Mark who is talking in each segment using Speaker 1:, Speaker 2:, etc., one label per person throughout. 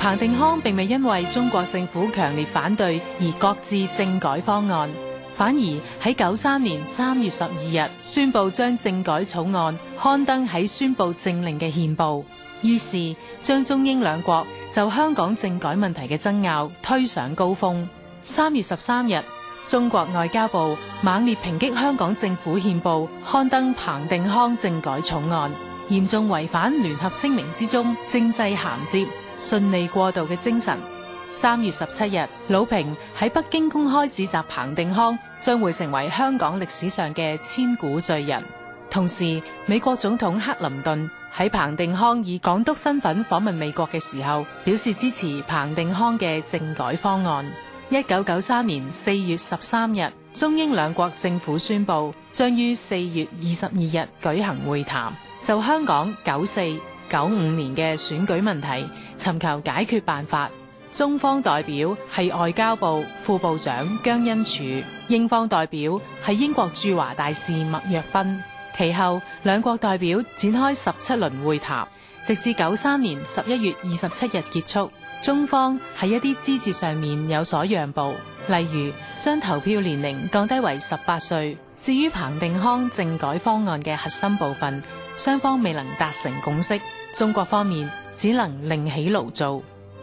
Speaker 1: 彭定康並未因為中國政府強烈反對而擱置政改方案，反而喺九三年三月十二日宣布將政改草案刊登喺宣布政令嘅憲報，於是將中英兩國就香港政改問題嘅爭拗推上高峰。三月十三日，中國外交部猛烈抨擊香港政府憲報刊登彭定康政改草案。嚴重違反聯合聲明之中政制銜接順利過渡嘅精神。三月十七日，魯平喺北京公開指責彭定康將會成為香港歷史上嘅千古罪人。同時，美國總統克林頓喺彭定康以港督身份訪問美國嘅時候，表示支持彭定康嘅政改方案。一九九三年四月十三日，中英兩國政府宣布將於四月二十二日舉行會談。就香港九四九五年嘅選舉問題，尋求解決辦法。中方代表係外交部副部長姜恩柱，英方代表係英國駐華大使麥若賓。其後兩國代表展開十七輪會談，直至九三年十一月二十七日結束。中方喺一啲枝節上面有所讓步，例如將投票年齡降低為十八歲。至於彭定康政改方案嘅核心部分，雙方未能達成共識，中國方面只能另起爐灶。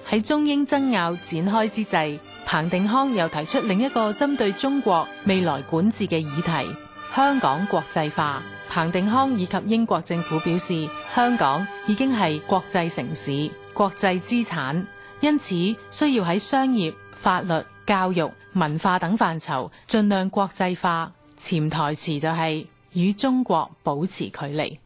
Speaker 1: 喺中英爭拗展開之際，彭定康又提出另一個針對中國未來管治嘅議題——香港國際化。彭定康以及英國政府表示，香港已經係國際城市、國際資產，因此需要喺商業、法律、教育、文化等範疇盡量國際化。潛台詞就係與中國保持距離。